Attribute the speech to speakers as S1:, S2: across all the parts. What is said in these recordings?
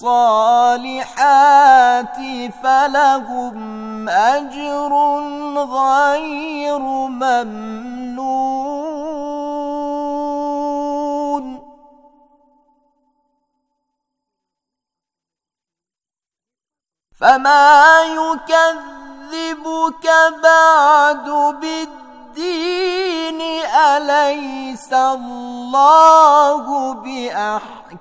S1: الصالحات فلهم اجر غير
S2: ممنون
S1: فما يكذبك بعد بالدين اليس الله باحد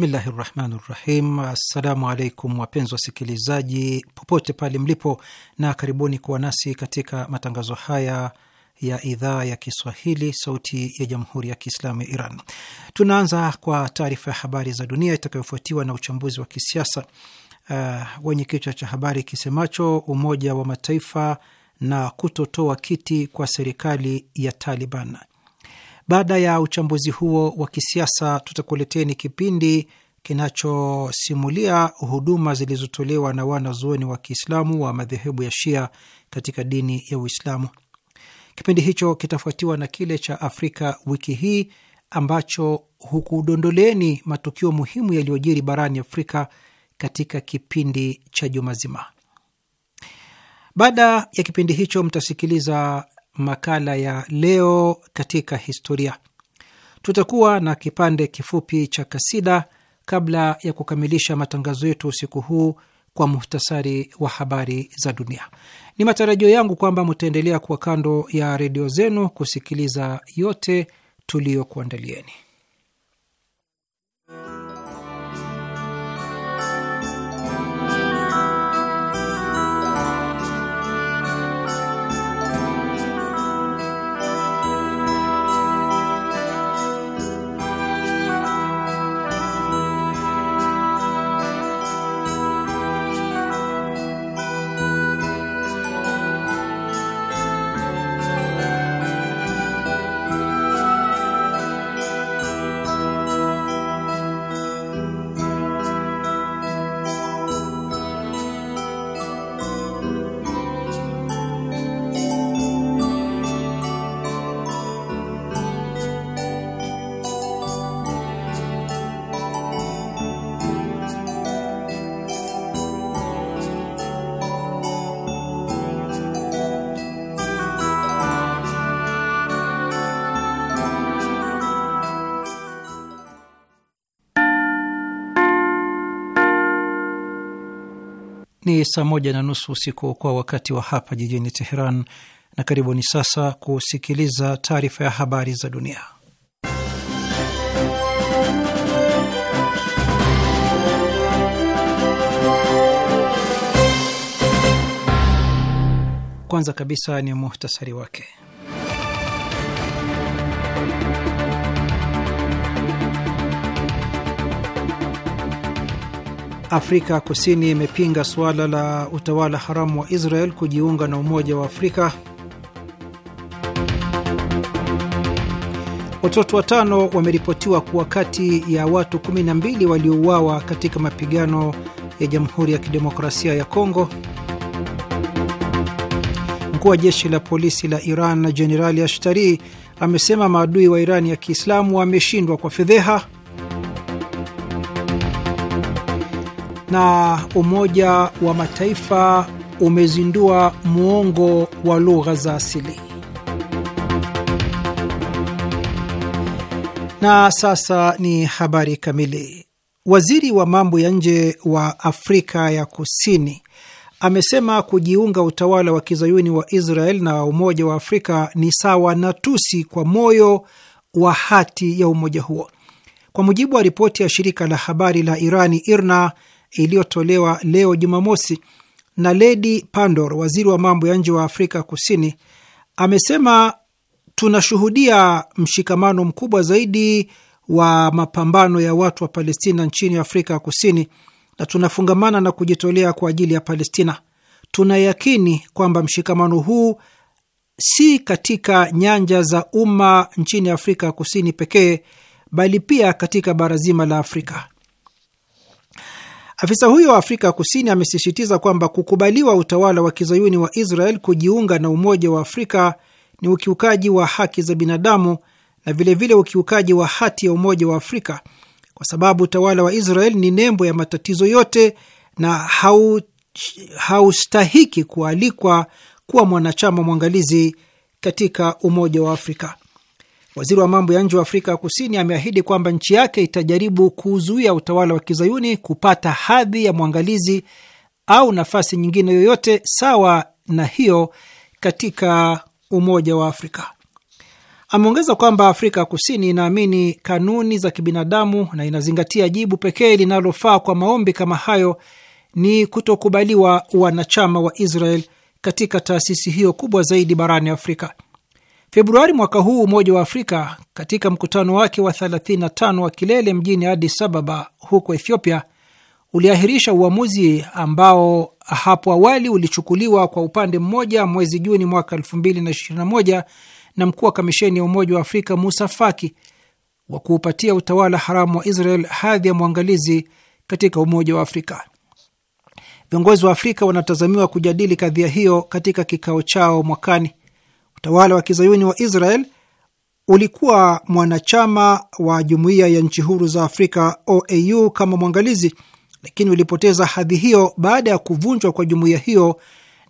S3: Bismillahi rahmani rahim. Assalamu alaikum wapenzi wasikilizaji popote pale mlipo, na karibuni kuwa nasi katika matangazo haya ya idhaa ya Kiswahili sauti ya jamhuri ya Kiislamu ya Iran. Tunaanza kwa taarifa ya habari za dunia itakayofuatiwa na uchambuzi wa kisiasa uh, wenye kichwa cha habari kisemacho Umoja wa Mataifa na kutotoa kiti kwa serikali ya Taliban. Baada ya uchambuzi huo wa kisiasa, tutakuleteni kipindi kinachosimulia huduma zilizotolewa na wanazuoni wa Kiislamu wa madhehebu ya Shia katika dini ya Uislamu. Kipindi hicho kitafuatiwa na kile cha Afrika wiki hii ambacho hukudondoleni matukio muhimu yaliyojiri barani Afrika katika kipindi cha juma zima. Baada ya kipindi hicho, mtasikiliza makala ya leo katika historia. Tutakuwa na kipande kifupi cha kasida kabla ya kukamilisha matangazo yetu usiku huu kwa muhtasari wa habari za dunia. Ni matarajio yangu kwamba mutaendelea kuwa kando ya redio zenu kusikiliza yote tuliyokuandalieni. saa moja na nusu usiku kwa wakati wa hapa jijini Teheran, na karibuni sasa kusikiliza taarifa ya habari za dunia. Kwanza kabisa ni muhtasari wake. Afrika Kusini imepinga suala la utawala haramu wa Israel kujiunga na Umoja wa Afrika. Watoto watano wameripotiwa kuwa kati ya watu 12 waliouawa katika mapigano ya Jamhuri ya Kidemokrasia ya Kongo. Mkuu wa jeshi la polisi la Iran Jenerali Ashtari amesema maadui wa Irani ya Kiislamu wameshindwa kwa fedheha. na Umoja wa Mataifa umezindua muongo wa lugha za asili. Na sasa ni habari kamili. Waziri wa mambo ya nje wa Afrika ya Kusini amesema kujiunga utawala wa kizayuni wa Israel na Umoja wa Afrika ni sawa na tusi kwa moyo wa hati ya umoja huo. Kwa mujibu wa ripoti ya shirika la habari la Irani IRNA, iliyotolewa leo Jumamosi na Ledi Pandor, waziri wa mambo ya nje wa Afrika Kusini, amesema tunashuhudia mshikamano mkubwa zaidi wa mapambano ya watu wa Palestina nchini Afrika Kusini, na tunafungamana na kujitolea kwa ajili ya Palestina. Tunayakini kwamba mshikamano huu si katika nyanja za umma nchini Afrika Kusini pekee, bali pia katika bara zima la Afrika. Afisa huyo wa Afrika Kusini amesisitiza kwamba kukubaliwa utawala wa kizayuni wa Israel kujiunga na Umoja wa Afrika ni ukiukaji wa haki za binadamu na vilevile vile ukiukaji wa hati ya Umoja wa Afrika kwa sababu utawala wa Israel ni nembo ya matatizo yote na hau, haustahiki kualikwa kuwa mwanachama mwangalizi katika Umoja wa Afrika. Waziri wa mambo ya nje wa Afrika ya Kusini ameahidi kwamba nchi yake itajaribu kuzuia utawala wa kizayuni kupata hadhi ya mwangalizi au nafasi nyingine yoyote sawa na hiyo katika Umoja wa Afrika. Ameongeza kwamba Afrika ya Kusini inaamini kanuni za kibinadamu na inazingatia jibu pekee linalofaa kwa maombi kama hayo ni kutokubaliwa wanachama wa Israel katika taasisi hiyo kubwa zaidi barani Afrika. Februari mwaka huu Umoja wa Afrika katika mkutano wake wa 35 wa kilele mjini Addis Ababa huko Ethiopia uliahirisha uamuzi ambao hapo awali ulichukuliwa kwa upande mmoja mwezi Juni mwaka 2021 na mkuu wa kamisheni ya Umoja wa Afrika Musa Faki wa kuupatia utawala haramu wa Israel hadhi ya mwangalizi katika Umoja wa Afrika. Viongozi wa Afrika wanatazamiwa kujadili kadhia hiyo katika kikao chao mwakani. Utawala wa kizayuni wa Israel ulikuwa mwanachama wa jumuiya ya nchi huru za Afrika OAU kama mwangalizi, lakini ulipoteza hadhi hiyo baada ya kuvunjwa kwa jumuiya hiyo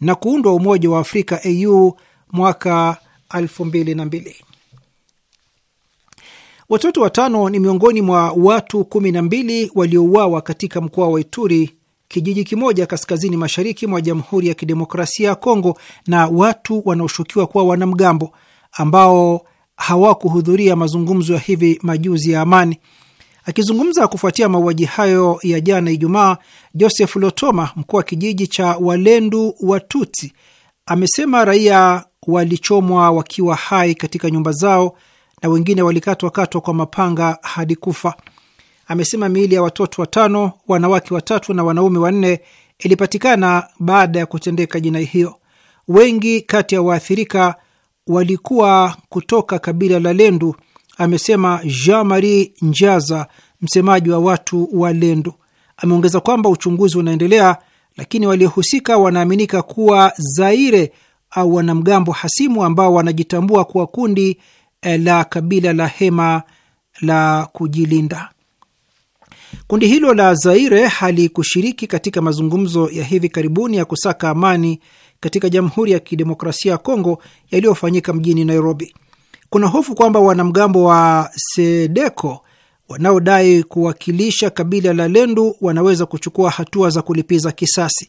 S3: na kuundwa Umoja wa Afrika AU mwaka 2002. Watoto watano ni miongoni mwa watu 12 waliouawa katika mkoa wa Ituri kijiji kimoja kaskazini mashariki mwa Jamhuri ya Kidemokrasia ya Kongo na watu wanaoshukiwa kuwa wanamgambo ambao hawakuhudhuria mazungumzo ya hivi majuzi ya amani. Akizungumza kufuatia mauaji hayo ya jana Ijumaa, Joseph Lotoma, mkuu wa kijiji cha Walendu watuti amesema raia walichomwa wakiwa hai katika nyumba zao na wengine walikatwakatwa kwa mapanga hadi kufa amesema miili ya watoto watano, wanawake watatu na wanaume wanne ilipatikana baada ya kutendeka jinai hiyo. Wengi kati ya waathirika walikuwa kutoka kabila la Lendu, amesema Jean Marie Njaza, msemaji wa watu wa Lendu. Ameongeza kwamba uchunguzi unaendelea, lakini waliohusika wanaaminika kuwa Zaire au wanamgambo hasimu ambao wanajitambua kuwa kundi eh, la kabila la Hema la kujilinda. Kundi hilo la Zaire halikushiriki katika mazungumzo ya hivi karibuni ya kusaka amani katika Jamhuri ya Kidemokrasia ya Kongo yaliyofanyika mjini Nairobi. Kuna hofu kwamba wanamgambo wa Sedeko wanaodai kuwakilisha kabila la Lendu wanaweza kuchukua hatua za kulipiza kisasi.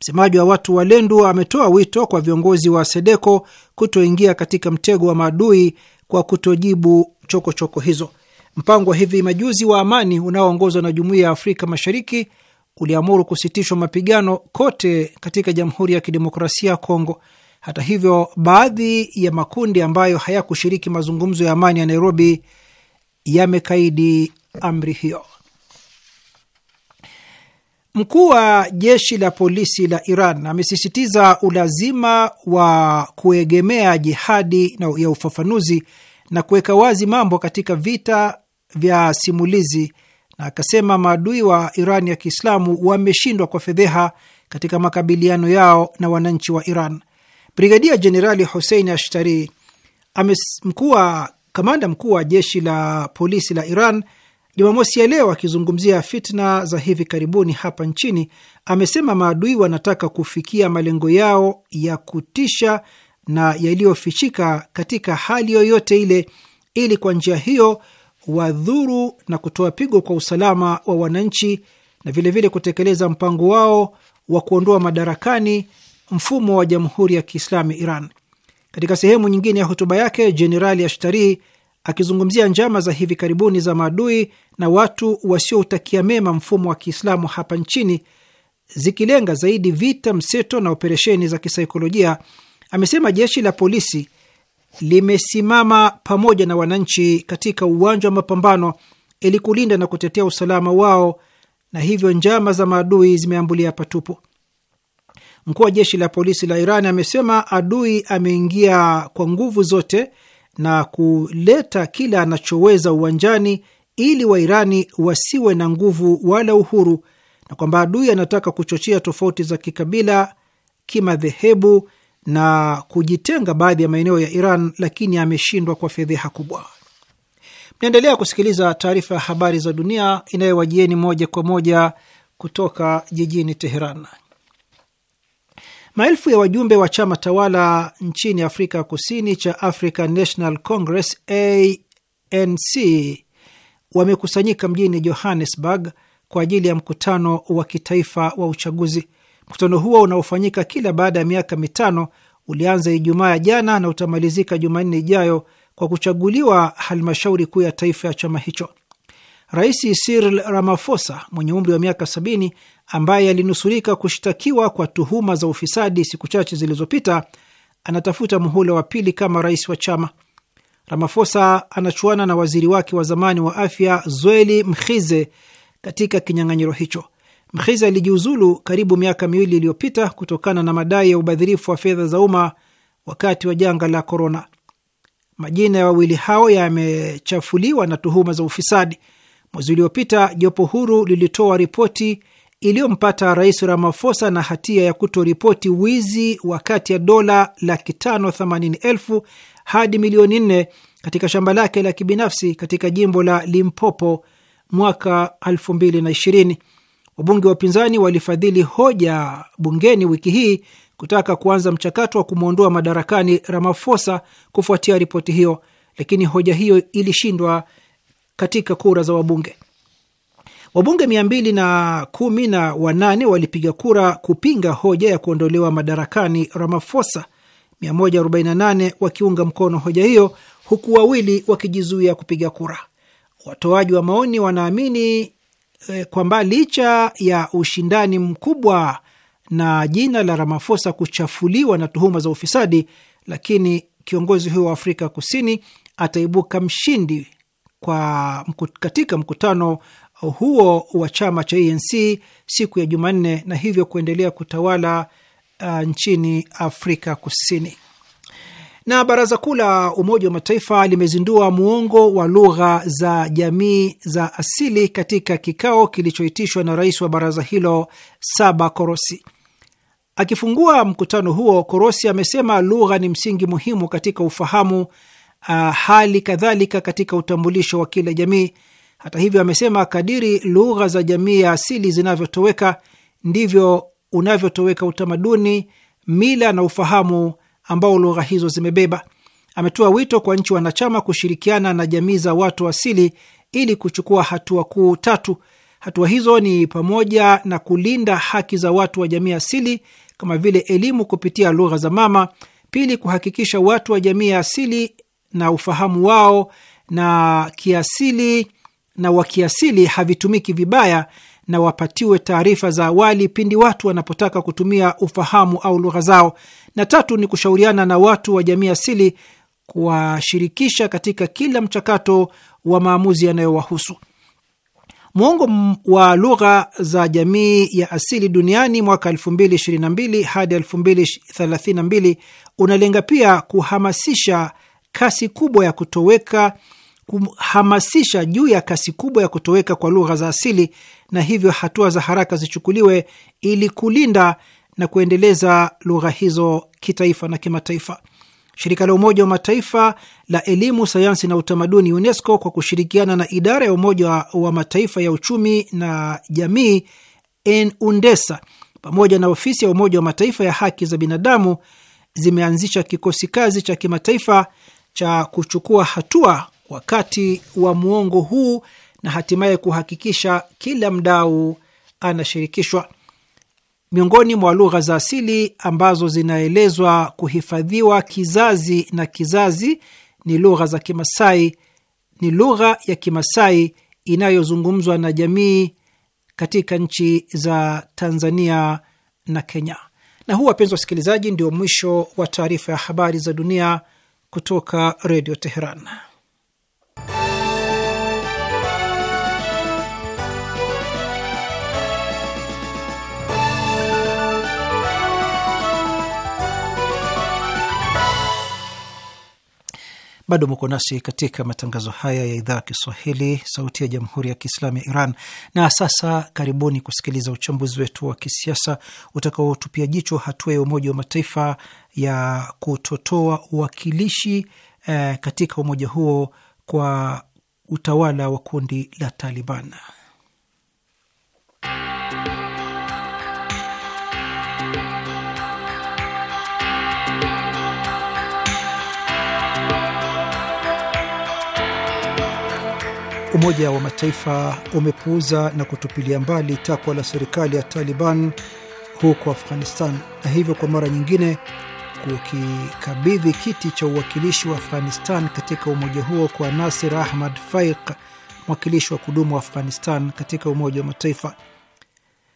S3: Msemaji wa watu wa Lendu ametoa wito kwa viongozi wa Sedeko kutoingia katika mtego wa maadui kwa kutojibu chokochoko choko hizo. Mpango wa hivi majuzi wa amani unaoongozwa na Jumuiya ya Afrika Mashariki uliamuru kusitishwa mapigano kote katika Jamhuri ya Kidemokrasia ya Kongo. Hata hivyo, baadhi ya makundi ambayo hayakushiriki mazungumzo ya amani ya Nairobi yamekaidi amri hiyo. Mkuu wa jeshi la polisi la Iran amesisitiza ulazima wa kuegemea jihadi na ya ufafanuzi na kuweka wazi mambo katika vita vya simulizi, na akasema maadui wa Iran ya Kiislamu wameshindwa kwa fedheha katika makabiliano yao na wananchi wa Iran. Brigadia Jenerali Hussein Ashtari, kamanda mkuu wa jeshi la polisi la Iran, Jumamosi ya leo akizungumzia fitna za hivi karibuni hapa nchini, amesema maadui wanataka kufikia malengo yao ya kutisha na yaliyofichika katika hali yoyote ile, ili kwa njia hiyo wadhuru na kutoa pigo kwa usalama wa wananchi na vilevile vile kutekeleza mpango wao wa kuondoa madarakani mfumo wa Jamhuri ya Kiislamu Iran. Katika sehemu nyingine ya hotuba yake, Jenerali Ashtari akizungumzia njama za hivi karibuni za maadui na watu wasioutakia mema mfumo wa Kiislamu hapa nchini zikilenga zaidi vita mseto na operesheni za kisaikolojia, amesema jeshi la polisi limesimama pamoja na wananchi katika uwanja wa mapambano ili kulinda na kutetea usalama wao, na hivyo njama za maadui zimeambulia patupu. Mkuu wa jeshi la polisi la Iran amesema adui ameingia kwa nguvu zote na kuleta kila anachoweza uwanjani ili Wairani wasiwe na nguvu wala uhuru, na kwamba adui anataka kuchochea tofauti za kikabila, kimadhehebu na kujitenga baadhi ya maeneo ya Iran, lakini ameshindwa kwa fedheha kubwa. Mnaendelea kusikiliza taarifa ya habari za dunia inayowajieni moja kwa moja kutoka jijini Teheran. Maelfu ya wajumbe wa chama tawala nchini Afrika Kusini cha African National Congress ANC wamekusanyika mjini Johannesburg kwa ajili ya mkutano wa kitaifa wa uchaguzi. Mkutano huo unaofanyika kila baada ya miaka mitano ulianza Ijumaa ya jana na utamalizika Jumanne ijayo kwa kuchaguliwa halmashauri kuu ya taifa ya chama hicho. Rais Cyril Ramaphosa mwenye umri wa miaka sabini ambaye alinusurika kushtakiwa kwa tuhuma za ufisadi siku chache zilizopita anatafuta muhula wa pili kama rais wa chama. Ramaphosa anachuana na waziri wake wa zamani wa afya Zweli Mkhize katika kinyang'anyiro hicho. Mkhizi alijiuzulu karibu miaka miwili iliyopita kutokana na madai ya ubadhirifu wa fedha za umma wakati wa janga la korona. Majina ya wawili hao yamechafuliwa na tuhuma za ufisadi. Mwezi uliopita jopo huru lilitoa ripoti iliyompata Rais ramafosa na hatia ya kutoripoti wizi wa kati ya dola laki tano themanini elfu hadi milioni nne katika shamba lake la kibinafsi katika jimbo la Limpopo mwaka elfu mbili na ishirini. Wabunge wa upinzani walifadhili hoja bungeni wiki hii kutaka kuanza mchakato wa kumwondoa madarakani Ramaphosa kufuatia ripoti hiyo, lakini hoja hiyo ilishindwa katika kura za wabunge. Wabunge mia mbili na kumi na wanane walipiga kura kupinga hoja ya kuondolewa madarakani Ramaphosa, 148 wakiunga mkono hoja hiyo, huku wawili wakijizuia kupiga kura. Watoaji wa maoni wanaamini E, kwamba licha ya ushindani mkubwa na jina la Ramaphosa kuchafuliwa na tuhuma za ufisadi, lakini kiongozi huyo wa Afrika Kusini ataibuka mshindi kwa katika mkutano huo wa chama cha ANC siku ya Jumanne na hivyo kuendelea kutawala uh, nchini Afrika Kusini. Na baraza kuu la Umoja wa Mataifa limezindua muongo wa lugha za jamii za asili katika kikao kilichoitishwa na rais wa baraza hilo Saba Korosi. Akifungua mkutano huo, Korosi amesema lugha ni msingi muhimu katika ufahamu uh, hali kadhalika katika utambulisho wa kila jamii. Hata hivyo, amesema kadiri lugha za jamii ya asili zinavyotoweka ndivyo unavyotoweka utamaduni, mila na ufahamu ambao lugha hizo zimebeba. Ametoa wito kwa nchi wanachama kushirikiana na jamii za watu asili ili kuchukua hatua kuu tatu. Hatua hizo ni pamoja na kulinda haki za watu wa jamii asili kama vile elimu kupitia lugha za mama; pili, kuhakikisha watu wa jamii ya asili na ufahamu wao na kiasili na wakiasili havitumiki vibaya na wapatiwe taarifa za awali pindi watu wanapotaka kutumia ufahamu au lugha zao, na tatu ni kushauriana na watu wa jamii asili kuwashirikisha katika kila mchakato wa maamuzi yanayowahusu. Mwongo wa lugha za jamii ya asili duniani mwaka 2022 hadi 2032 unalenga pia kuhamasisha kasi kubwa ya kutoweka kuhamasisha juu ya kasi kubwa ya kutoweka kwa lugha za asili, na hivyo hatua za haraka zichukuliwe ili kulinda na kuendeleza lugha hizo kitaifa na kimataifa. Shirika la Umoja wa Mataifa la Elimu, Sayansi na Utamaduni, UNESCO, kwa kushirikiana na idara ya Umoja wa Mataifa ya Uchumi na Jamii, NUNDESA, pamoja na ofisi ya Umoja wa Mataifa ya haki za binadamu zimeanzisha kikosi kazi cha kimataifa cha kuchukua hatua wakati wa muongo huu na hatimaye kuhakikisha kila mdau anashirikishwa miongoni mwa lugha za asili ambazo zinaelezwa kuhifadhiwa kizazi na kizazi ni lugha za Kimasai. Ni lugha ya Kimasai inayozungumzwa na jamii katika nchi za Tanzania na Kenya. Na huu, wapenzi wasikilizaji, ndio mwisho wa taarifa ya habari za dunia kutoka Redio Teheran. Bado muko nasi katika matangazo haya ya idhaa ya Kiswahili, sauti ya jamhuri ya kiislamu ya Iran. Na sasa karibuni kusikiliza uchambuzi wetu wa kisiasa utakaotupia jicho hatua ya Umoja wa Mataifa ya kutotoa uwakilishi eh, katika umoja huo kwa utawala wa kundi la Taliban. Umoja wa Mataifa umepuuza na kutupilia mbali takwa la serikali ya Taliban huko Afghanistan na hivyo kwa mara nyingine kukikabidhi kiti cha uwakilishi wa Afghanistan katika umoja huo kwa Nasir Ahmad Faiq, mwakilishi wa kudumu wa Afghanistan katika Umoja wa Mataifa,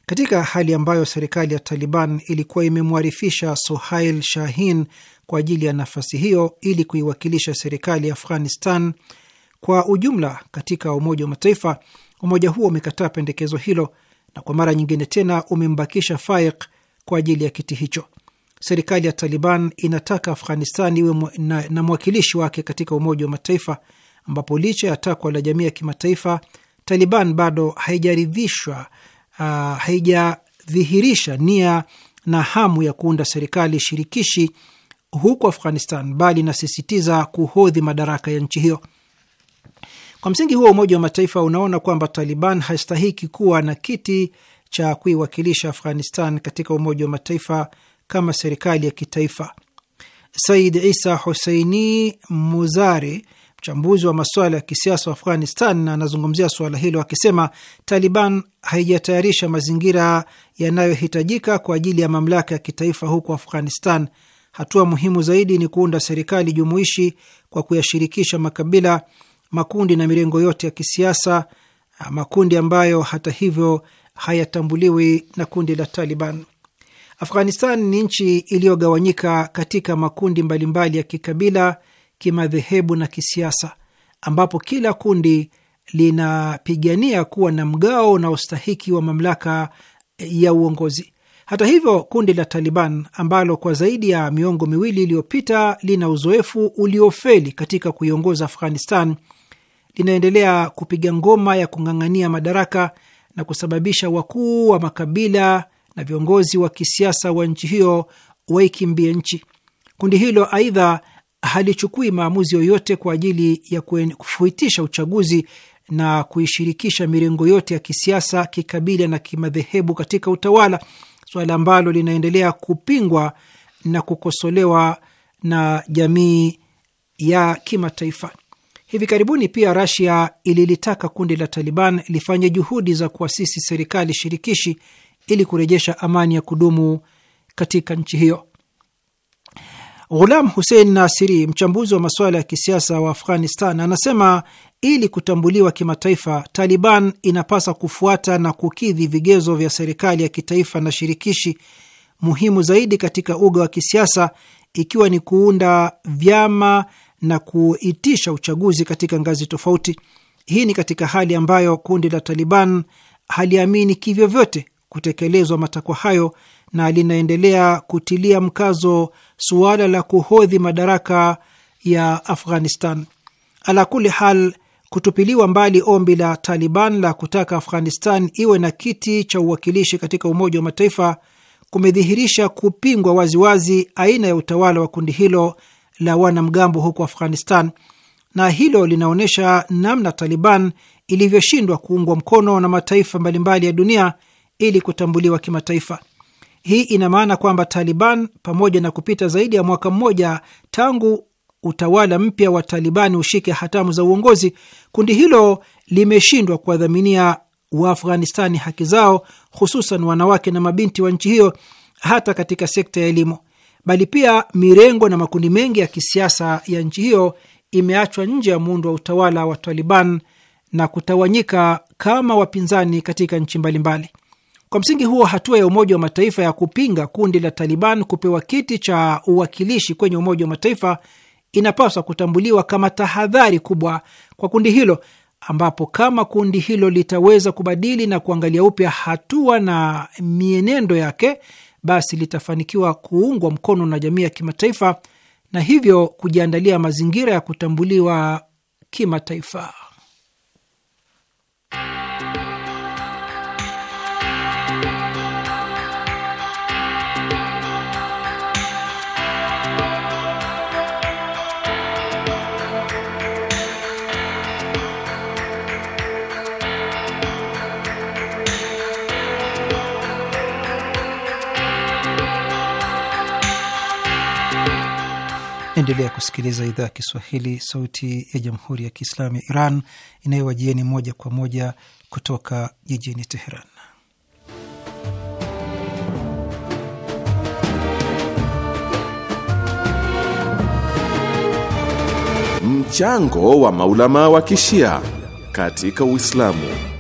S3: katika hali ambayo serikali ya Taliban ilikuwa imemwarifisha Sohail Shahin kwa ajili ya nafasi hiyo ili kuiwakilisha serikali ya Afghanistan kwa ujumla, katika Umoja wa Mataifa, umoja huo umekataa pendekezo hilo na kwa mara nyingine tena umembakisha fai kwa ajili ya kiti hicho. Serikali ya Taliban inataka Afghanistan iwe na, na mwakilishi wake katika Umoja wa Mataifa, ambapo licha ya takwa la jamii ya kimataifa, Taliban bado haijaridhishwa uh, haijadhihirisha nia na hamu ya kuunda serikali shirikishi huko Afghanistan, bali inasisitiza kuhodhi madaraka ya nchi hiyo. Kwa msingi huo, Umoja wa Mataifa unaona kwamba Taliban haistahiki kuwa na kiti cha kuiwakilisha Afghanistan katika Umoja wa Mataifa kama serikali ya kitaifa. Said Isa Huseini Muzari, mchambuzi wa masuala ya kisiasa wa Afghanistan, anazungumzia suala hilo akisema, Taliban haijatayarisha mazingira yanayohitajika kwa ajili ya mamlaka ya kitaifa huko Afghanistan. Hatua muhimu zaidi ni kuunda serikali jumuishi kwa kuyashirikisha makabila makundi na mirengo yote ya kisiasa, ah, makundi ambayo hata hivyo hayatambuliwi na kundi la Taliban. Afghanistan ni nchi iliyogawanyika katika makundi mbalimbali ya kikabila, kimadhehebu na kisiasa, ambapo kila kundi linapigania kuwa na mgao na ustahiki wa mamlaka eh, ya uongozi. Hata hivyo, kundi la Taliban ambalo kwa zaidi ya miongo miwili iliyopita lina uzoefu uliofeli katika kuiongoza Afghanistan linaendelea kupiga ngoma ya kung'ang'ania madaraka na kusababisha wakuu wa makabila na viongozi wa kisiasa wa nchi hiyo waikimbie nchi. Kundi hilo aidha halichukui maamuzi yoyote kwa ajili ya kufuitisha uchaguzi na kuishirikisha mirengo yote ya kisiasa, kikabila na kimadhehebu katika utawala, suala ambalo linaendelea kupingwa na kukosolewa na jamii ya kimataifa. Hivi karibuni pia Rasia ililitaka kundi la Taliban lifanye juhudi za kuasisi serikali shirikishi ili kurejesha amani ya kudumu katika nchi hiyo. Ghulam Hussein Nasiri, mchambuzi wa masuala ya kisiasa wa Afghanistan, anasema ili kutambuliwa kimataifa, Taliban inapasa kufuata na kukidhi vigezo vya serikali ya kitaifa na shirikishi, muhimu zaidi katika uga wa kisiasa, ikiwa ni kuunda vyama na kuitisha uchaguzi katika ngazi tofauti. Hii ni katika hali ambayo kundi la Taliban haliamini kivyovyote kutekelezwa matakwa hayo na linaendelea kutilia mkazo suala la kuhodhi madaraka ya Afghanistan. Ala kuli hal, kutupiliwa mbali ombi la Taliban la kutaka Afghanistan iwe na kiti cha uwakilishi katika Umoja wa Mataifa kumedhihirisha kupingwa waziwazi aina ya utawala wa kundi hilo la wanamgambo huko Afghanistan, na hilo linaonyesha namna Taliban ilivyoshindwa kuungwa mkono na mataifa mbalimbali ya dunia ili kutambuliwa kimataifa. Hii ina maana kwamba Taliban, pamoja na kupita zaidi ya mwaka mmoja tangu utawala mpya wa taliban ushike hatamu za uongozi, kundi hilo limeshindwa kuwadhaminia Waafghanistani haki zao, hususan wanawake na mabinti wa nchi hiyo, hata katika sekta ya elimu bali pia mirengo na makundi mengi ya kisiasa ya nchi hiyo imeachwa nje ya muundo wa utawala wa Taliban na kutawanyika kama wapinzani katika nchi mbalimbali. Kwa msingi huo, hatua ya Umoja wa Mataifa ya kupinga kundi la Taliban kupewa kiti cha uwakilishi kwenye Umoja wa Mataifa inapaswa kutambuliwa kama tahadhari kubwa kwa kundi hilo, ambapo kama kundi hilo litaweza kubadili na kuangalia upya hatua na mienendo yake basi litafanikiwa kuungwa mkono na jamii ya kimataifa na hivyo kujiandalia mazingira ya kutambuliwa kimataifa. Naendelea kusikiliza idhaa ya Kiswahili, sauti ya jamhuri ya kiislamu ya Iran inayowajieni moja kwa moja kutoka jijini Teheran.
S4: Mchango wa maulama wa kishia katika Uislamu.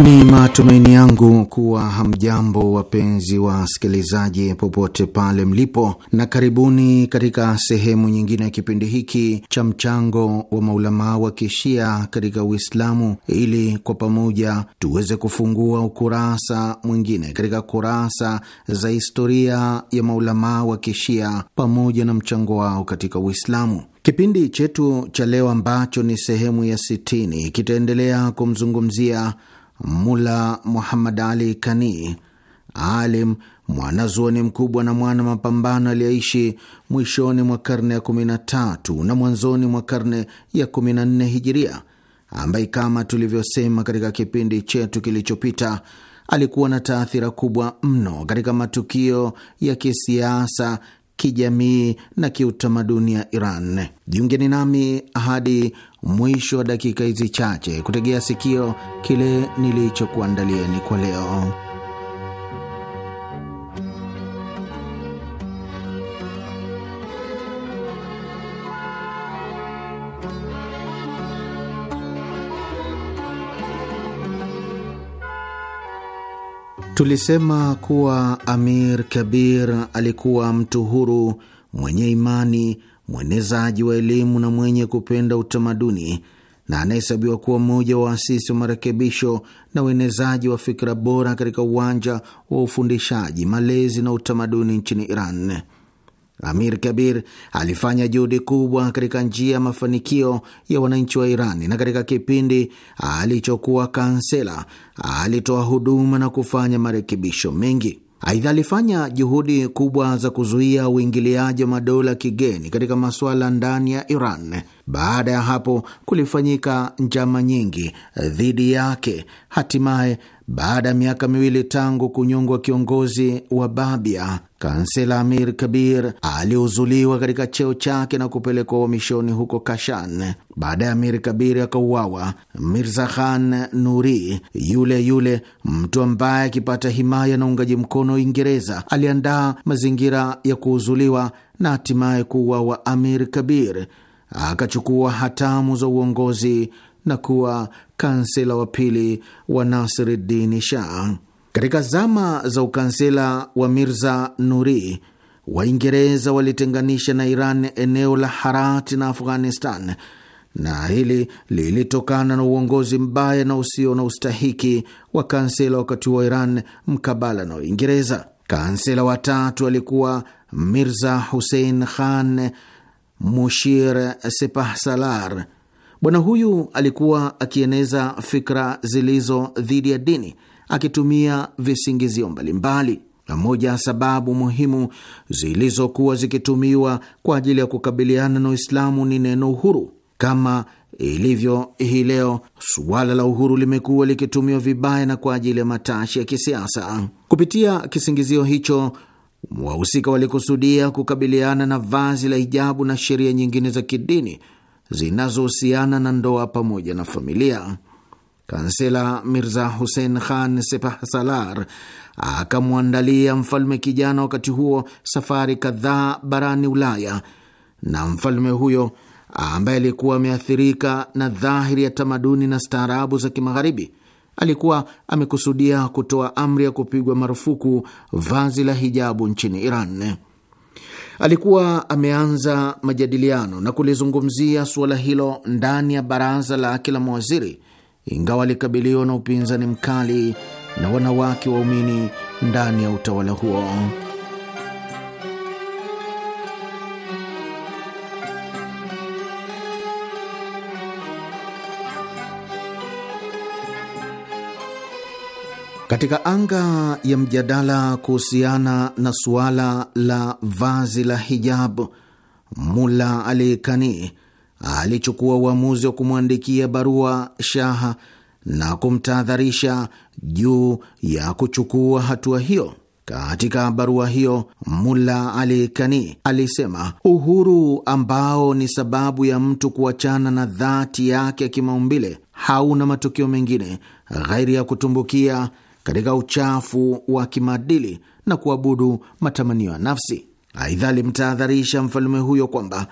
S4: Ni matumaini yangu kuwa hamjambo wapenzi wa sikilizaji, popote pale mlipo, na karibuni katika sehemu nyingine ya kipindi hiki cha mchango wa maulamaa wa kishia katika Uislamu, ili kwa pamoja tuweze kufungua ukurasa mwingine katika kurasa za historia ya maulamaa wa kishia pamoja na mchango wao katika Uislamu. Kipindi chetu cha leo ambacho ni sehemu ya sitini kitaendelea kumzungumzia Mula Muhammad Ali Kani, alim mwanazuoni mkubwa na mwana mapambano aliyeishi mwishoni mwa karne ya 13 na mwanzoni mwa karne ya 14 Hijiria, ambaye kama tulivyosema katika kipindi chetu kilichopita alikuwa na taathira kubwa mno katika matukio ya kisiasa kijamii na kiutamaduni ya Iran. Jiungeni nami hadi mwisho wa dakika hizi chache kutegea sikio kile nilichokuandalieni kwa leo. Tulisema kuwa Amir Kabir alikuwa mtu huru mwenye imani, mwenezaji wa elimu na mwenye kupenda utamaduni, na anahesabiwa kuwa mmoja wa waasisi wa marekebisho na uenezaji wa fikra bora katika uwanja wa ufundishaji, malezi na utamaduni nchini Iran. Amir Kabir alifanya juhudi kubwa katika njia ya mafanikio ya wananchi wa Irani, na katika kipindi alichokuwa kansela alitoa huduma na kufanya marekebisho mengi. Aidha, alifanya juhudi kubwa za kuzuia uingiliaji wa madola kigeni katika masuala ndani ya Iran. Baada ya hapo kulifanyika njama nyingi dhidi yake. Hatimaye, baada ya miaka miwili tangu kunyongwa kiongozi wa Babia, kansela Amir Kabir aliuzuliwa katika cheo chake na kupelekwa uhamishoni huko Kashan. Baada ya Amir Kabir akauawa, Mirza Khan Nuri, yule yule mtu ambaye akipata himaya na uungaji mkono wa Uingereza, aliandaa mazingira ya kuuzuliwa na hatimaye kuuawa Amir Kabir akachukua hatamu za uongozi na kuwa kansela wa pili wa Nasiruddin Shah. Katika zama za ukansela wa Mirza Nuri, Waingereza walitenganisha na Iran eneo la Harati na Afghanistan, na hili lilitokana na uongozi mbaya na usio na ustahiki wa kansela wakati wa Iran mkabala na Uingereza. Kansela watatu alikuwa Mirza Hussein Khan Mushir Sepahsalar. Bwana huyu alikuwa akieneza fikra zilizo dhidi ya dini akitumia visingizio mbalimbali. Na moja ya sababu muhimu zilizokuwa zikitumiwa kwa ajili ya kukabiliana na Uislamu ni neno uhuru. Kama ilivyo hii leo, suala la uhuru limekuwa likitumiwa vibaya na kwa ajili ya matashi ya kisiasa. Kupitia kisingizio hicho, Wahusika walikusudia kukabiliana na vazi la hijabu na sheria nyingine za kidini zinazohusiana na ndoa pamoja na familia. Kansela Mirza Hussein Khan Sepahsalar akamwandalia mfalme kijana wakati huo safari kadhaa barani Ulaya, na mfalme huyo ambaye alikuwa ameathirika na dhahiri ya tamaduni na staarabu za Kimagharibi alikuwa amekusudia kutoa amri ya kupigwa marufuku vazi la hijabu nchini Iran. Alikuwa ameanza majadiliano na kulizungumzia suala hilo ndani ya baraza lake la mawaziri, ingawa alikabiliwa na upinzani mkali na wanawake waumini ndani ya utawala huo. Katika anga ya mjadala kuhusiana na suala la vazi la hijabu, Mula Ali Kani alichukua uamuzi wa kumwandikia barua shaha na kumtahadharisha juu ya kuchukua hatua hiyo. Katika barua hiyo Mulla Ali Kani alisema uhuru ambao ni sababu ya mtu kuachana na dhati yake ya kimaumbile hauna matukio mengine ghairi ya kutumbukia katika uchafu wa kimaadili na kuabudu matamanio ya nafsi. Aidha, alimtahadharisha mfalme huyo kwamba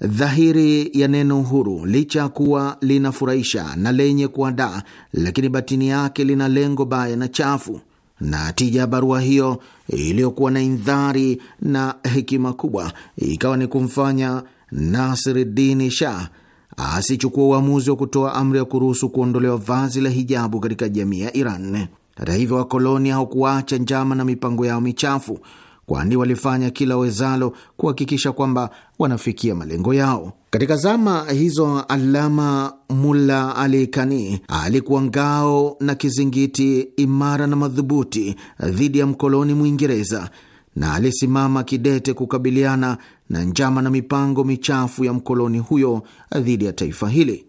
S4: dhahiri ya neno uhuru licha ya kuwa linafurahisha na lenye kuandaa, lakini batini yake lina lengo baya na chafu. Na tija ya barua hiyo iliyokuwa na indhari na hekima kubwa ikawa ni kumfanya Nasiruddin Shah asichukua uamuzi wa kutoa amri ya kuruhusu kuondolewa vazi la hijabu katika jamii ya Iran. Hata hivyo, wakoloni hawakuacha njama na mipango yao michafu, kwani walifanya kila wezalo kuhakikisha kwamba wanafikia malengo yao. Katika zama hizo, Alama Mulla Ali Kani alikuwa ngao na kizingiti imara na madhubuti dhidi ya mkoloni Mwingereza na alisimama kidete kukabiliana na njama na mipango michafu ya mkoloni huyo dhidi ya taifa hili.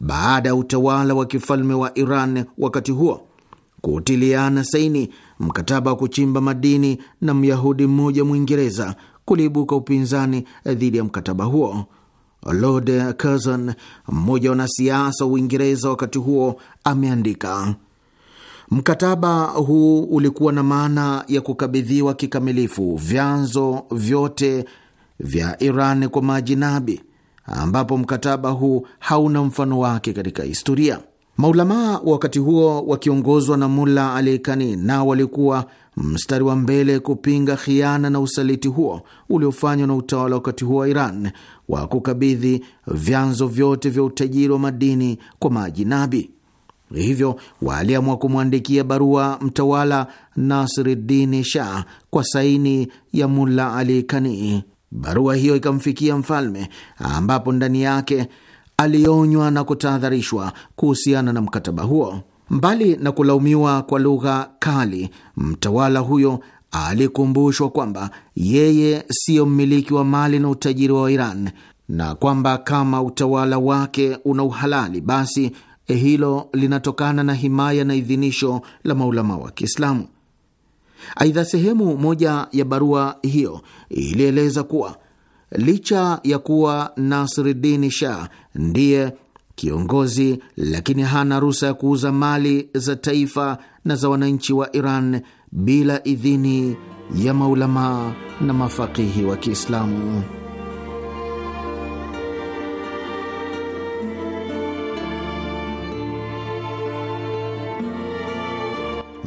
S4: Baada ya utawala wa kifalme wa Iran wakati huo kutiliana saini mkataba wa kuchimba madini na Myahudi mmoja Mwingereza, kuliibuka upinzani dhidi ya mkataba huo. Lord Curzon, mmoja wa wanasiasa wa Uingereza wakati huo, ameandika Mkataba huu ulikuwa na maana ya kukabidhiwa kikamilifu vyanzo vyote vya Iran kwa majinabi, ambapo mkataba huu hauna mfano wake katika historia. Maulamaa wa wakati huo wakiongozwa na Mulla Ali Kani nao walikuwa mstari wa mbele kupinga khiana na usaliti huo uliofanywa na utawala wakati huo wa Iran wa kukabidhi vyanzo vyote vya utajiri wa madini kwa maajinabi. Hivyo waliamua kumwandikia barua mtawala Nasiruddin Shah kwa saini ya Mulla Ali Kani. Barua hiyo ikamfikia mfalme, ambapo ndani yake alionywa na kutahadharishwa kuhusiana na mkataba huo. Mbali na kulaumiwa kwa lugha kali, mtawala huyo alikumbushwa kwamba yeye siyo mmiliki wa mali na utajiri wa Iran na kwamba kama utawala wake una uhalali basi eh, hilo linatokana na himaya na idhinisho la maulama wa Kiislamu. Aidha, sehemu moja ya barua hiyo ilieleza kuwa Licha ya kuwa Nasridini Shah ndiye kiongozi, lakini hana ruhusa ya kuuza mali za taifa na za wananchi wa Iran bila idhini ya maulamaa na mafakihi wa Kiislamu.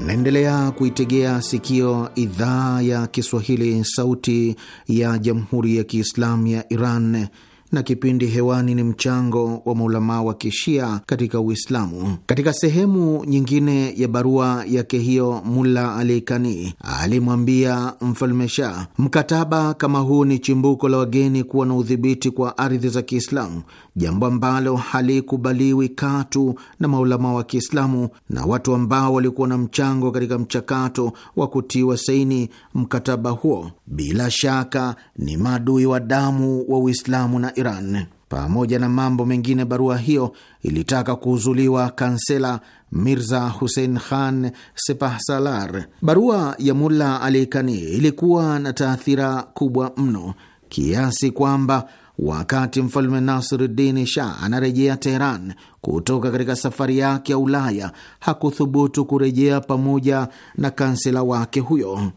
S4: Mnaendelea kuitegea sikio idhaa ya Kiswahili, sauti ya jamhuri ya Kiislamu ya Iran na kipindi hewani ni mchango wa maulamaa wa kishia katika Uislamu. Katika sehemu nyingine ya barua yake hiyo, Mulla Alikani alimwambia mfalme Shah, mkataba kama huu ni chimbuko la wageni kuwa na udhibiti kwa ardhi za Kiislamu jambo ambalo halikubaliwi katu na maulama wa Kiislamu na watu ambao walikuwa na mchango katika mchakato wa kutiwa saini mkataba huo, bila shaka ni maadui wa damu wa Uislamu na Iran. Pamoja na mambo mengine, barua hiyo ilitaka kuuzuliwa kansela Mirza Hussein Khan Sepahsalar. Barua ya Mulla Ali Kani ilikuwa na taathira kubwa mno kiasi kwamba Wakati mfalme Nasiruddin Shah anarejea Teheran kutoka katika safari yake ya Ulaya, hakuthubutu kurejea pamoja na kansela wake huyo.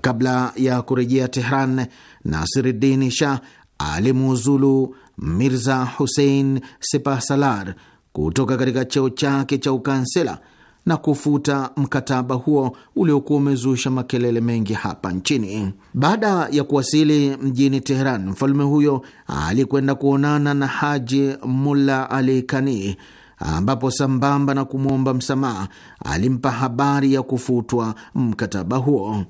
S4: Kabla ya kurejea teheran Nasiruddin Shah alimuuzulu Mirza Hussein Sepahsalar kutoka katika cheo chake cha ukansela na kufuta mkataba huo uliokuwa umezusha makelele mengi hapa nchini. Baada ya kuwasili mjini Teheran, mfalme huyo alikwenda kuonana na Haji Mulla Ali Kani ambapo sambamba na kumwomba msamaha alimpa habari ya kufutwa mkataba huo.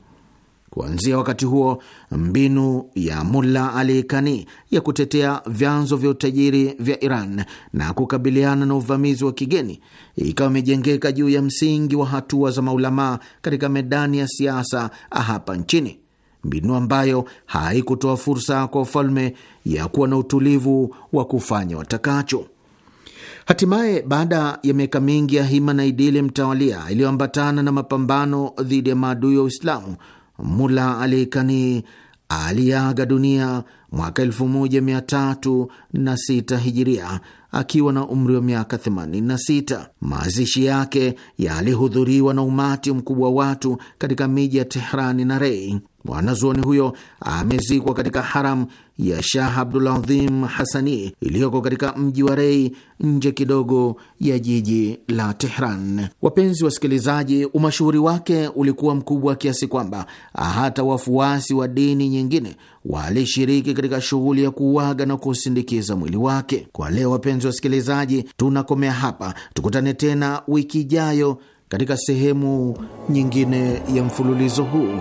S4: Kuanzia wakati huo, mbinu ya Mulla Ali Kani ya kutetea vyanzo vya utajiri vya Iran na kukabiliana na uvamizi wa kigeni ikawa imejengeka juu ya msingi wa hatua za maulamaa katika medani ya siasa hapa nchini, mbinu ambayo haikutoa fursa kwa ufalme ya kuwa na utulivu wa kufanya watakacho. Hatimaye, baada ya miaka mingi ya hima na idili mtawalia iliyoambatana na mapambano dhidi ya maadui wa Uislamu, Mula Alikani aliaga dunia mwaka sita hijiria akiwa na umri wa miaka 86. Mazishi yake yalihudhuriwa na umati mkubwa wa watu katika miji ya Tehrani na Rei. Mwanazuoni huyo amezikwa katika haram ya Shah Abdulazim Hasani iliyoko katika mji wa Rei, nje kidogo ya jiji la Tehran. Wapenzi wasikilizaji, umashuhuri wake ulikuwa mkubwa kiasi kwamba hata wafuasi wa dini nyingine walishiriki katika shughuli ya kuuaga na kusindikiza mwili wake. Kwa leo, wapenzi wasikilizaji, tunakomea hapa. Tukutane tena wiki ijayo katika sehemu nyingine ya mfululizo huu.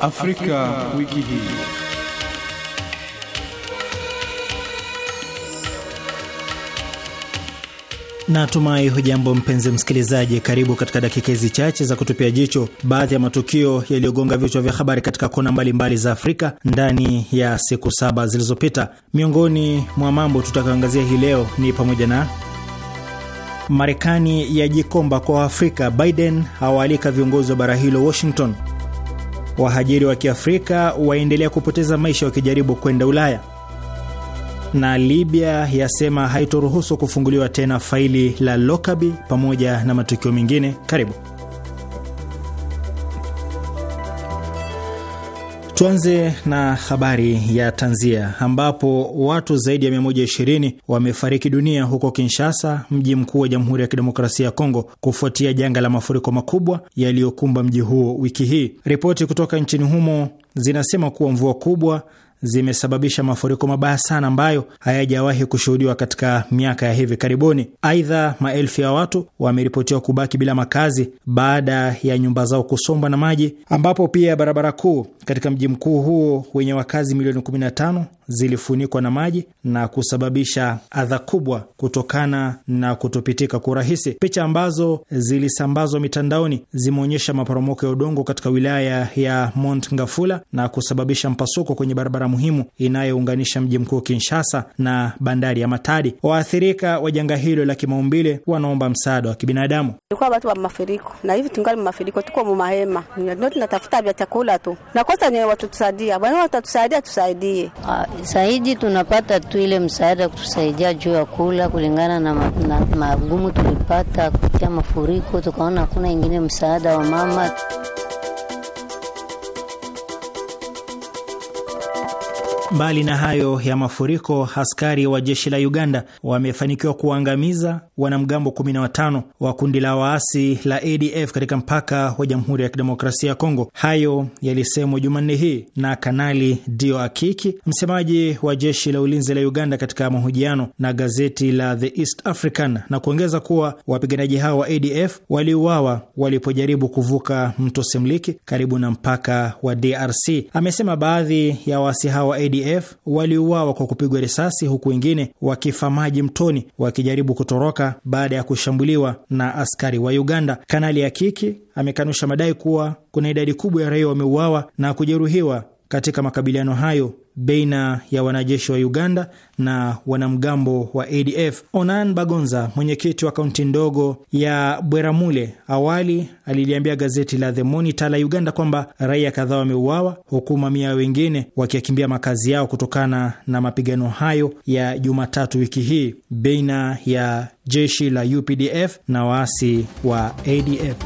S5: Afrika, wiki hii. Natumai hujambo mpenzi msikilizaji, karibu katika dakika hizi chache za kutupia jicho baadhi ya matukio yaliyogonga vichwa vya habari katika kona mbalimbali za Afrika ndani ya siku saba zilizopita. Miongoni mwa mambo tutakaangazia hii leo ni pamoja na Marekani yajikomba kwa Afrika, Biden hawaalika viongozi wa bara hilo Washington, wahajiri wa Kiafrika waendelea kupoteza maisha wakijaribu kwenda Ulaya, na Libya yasema haitoruhusu kufunguliwa tena faili la Lokabi, pamoja na matukio mengine. Karibu. Tuanze na habari ya tanzia ambapo watu zaidi ya 120 wamefariki dunia huko Kinshasa, mji mkuu wa Jamhuri ya Kidemokrasia ya Kongo, kufuatia janga la mafuriko makubwa yaliyokumba mji huo wiki hii. Ripoti kutoka nchini humo zinasema kuwa mvua kubwa zimesababisha mafuriko mabaya sana ambayo hayajawahi kushuhudiwa katika miaka ya hivi karibuni. Aidha, maelfu ya watu wameripotiwa kubaki bila makazi baada ya nyumba zao kusombwa na maji, ambapo pia barabara kuu katika mji mkuu huo wenye wakazi milioni 15 zilifunikwa na maji na kusababisha adha kubwa kutokana na kutopitika kwa urahisi. Picha ambazo zilisambazwa mitandaoni zimeonyesha maporomoko ya udongo katika wilaya ya Mont Ngafula na kusababisha mpasuko kwenye barabara barabara muhimu inayounganisha mji mkuu Kinshasa na bandari ya Matadi. Waathirika wa janga hilo la kimaumbile wanaomba msaada wa kibinadamu.
S6: Ilikuwa watu wa mafuriko, na hivi tungali mafuriko, tuko mumahema, ndio tunatafuta vya chakula tu, nakosa ni watu tusaidia, bwana watatusaidia, tusaidie zaidi. Ah, tunapata tu ile msaada kutusaidia juu ya kula, kulingana na magumu tulipata kupitia mafuriko, tukaona hakuna ingine msaada wa mama
S5: Mbali na hayo ya mafuriko, askari wa jeshi la Uganda wamefanikiwa kuwaangamiza wanamgambo 15 wa kundi la waasi la ADF katika mpaka wa Jamhuri ya Kidemokrasia ya Kongo. Hayo yalisemwa Jumanne hii na Kanali Dio Akiki, msemaji wa jeshi la ulinzi la Uganda, katika mahojiano na gazeti la The East African, na kuongeza kuwa wapiganaji hao wa ADF waliuawa walipojaribu kuvuka mto Semliki karibu na mpaka wa DRC. Amesema baadhi ya waasi hao wa ADF ADF waliuawa kwa kupigwa risasi, huku wengine wakifa maji mtoni wakijaribu kutoroka baada ya kushambuliwa na askari wa Uganda. Kanali ya kiki amekanusha madai kuwa kuna idadi kubwa ya raia wameuawa na kujeruhiwa katika makabiliano hayo baina ya wanajeshi wa Uganda na wanamgambo wa ADF. Onan Bagonza, mwenyekiti wa kaunti ndogo ya Bweramule, awali aliliambia gazeti la The Monitor la Uganda kwamba raia kadhaa wameuawa huku mamia wengine wakiakimbia makazi yao kutokana na mapigano hayo ya Jumatatu wiki hii baina ya jeshi la UPDF na waasi wa ADF.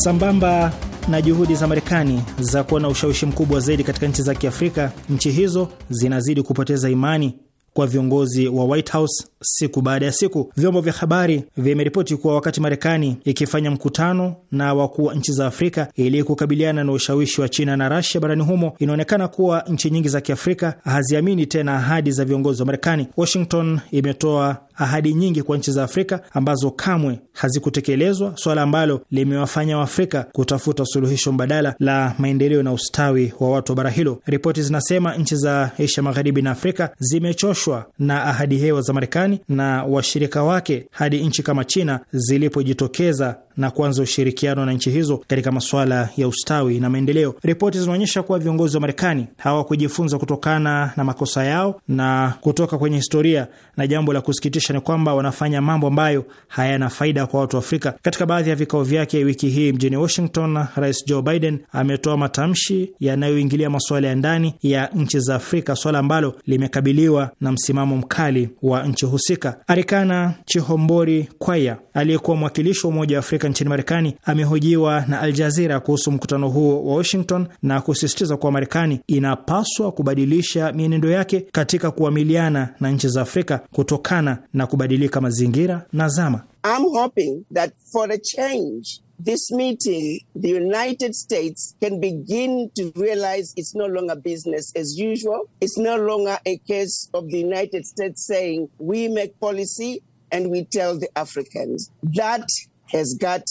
S5: sambamba na juhudi za Marekani za kuwa na ushawishi mkubwa zaidi katika nchi za Kiafrika, nchi hizo zinazidi kupoteza imani kwa viongozi wa White House siku baada ya siku. Vyombo vya habari vimeripoti kuwa wakati Marekani ikifanya mkutano na wakuu wa nchi za Afrika ili kukabiliana na ushawishi wa China na Rasia barani humo, inaonekana kuwa nchi nyingi za Kiafrika haziamini tena ahadi za viongozi wa Marekani. Washington imetoa ahadi nyingi kwa nchi za Afrika ambazo kamwe hazikutekelezwa, suala ambalo limewafanya Waafrika kutafuta suluhisho mbadala la maendeleo na ustawi wa watu wa bara hilo. Ripoti zinasema nchi za Asia Magharibi na Afrika zimechoshwa kuchoshwa na ahadi hewa za Marekani na washirika wake hadi nchi kama China zilipojitokeza na kuanza ushirikiano na nchi hizo katika masuala ya ustawi na maendeleo. Ripoti zinaonyesha kuwa viongozi wa Marekani hawakujifunza kutokana na makosa yao na kutoka kwenye historia, na jambo la kusikitisha ni kwamba wanafanya mambo ambayo hayana faida kwa watu wa Afrika. Katika baadhi ya vikao vyake wiki hii mjini Washington, Rais Joe Biden ametoa matamshi yanayoingilia masuala ya ndani ya nchi za Afrika, swala ambalo limekabiliwa na msimamo mkali wa nchi husika. Arikana Chihombori Kwaya aliyekuwa mwakilishi wa Umoja wa Afrika nchini Marekani amehojiwa na Al kuhusu mkutano huo wa Washington na kusisitiza kuwa Marekani inapaswa kubadilisha mienendo yake katika kuamiliana na nchi za Afrika kutokana na kubadilika mazingira na zama.
S3: I'm hoping that for a change this meeting the United States can begin to realize it's no longer business as usual. It's no longer a case of the United States saying we make policy and we tell the Africans. That has got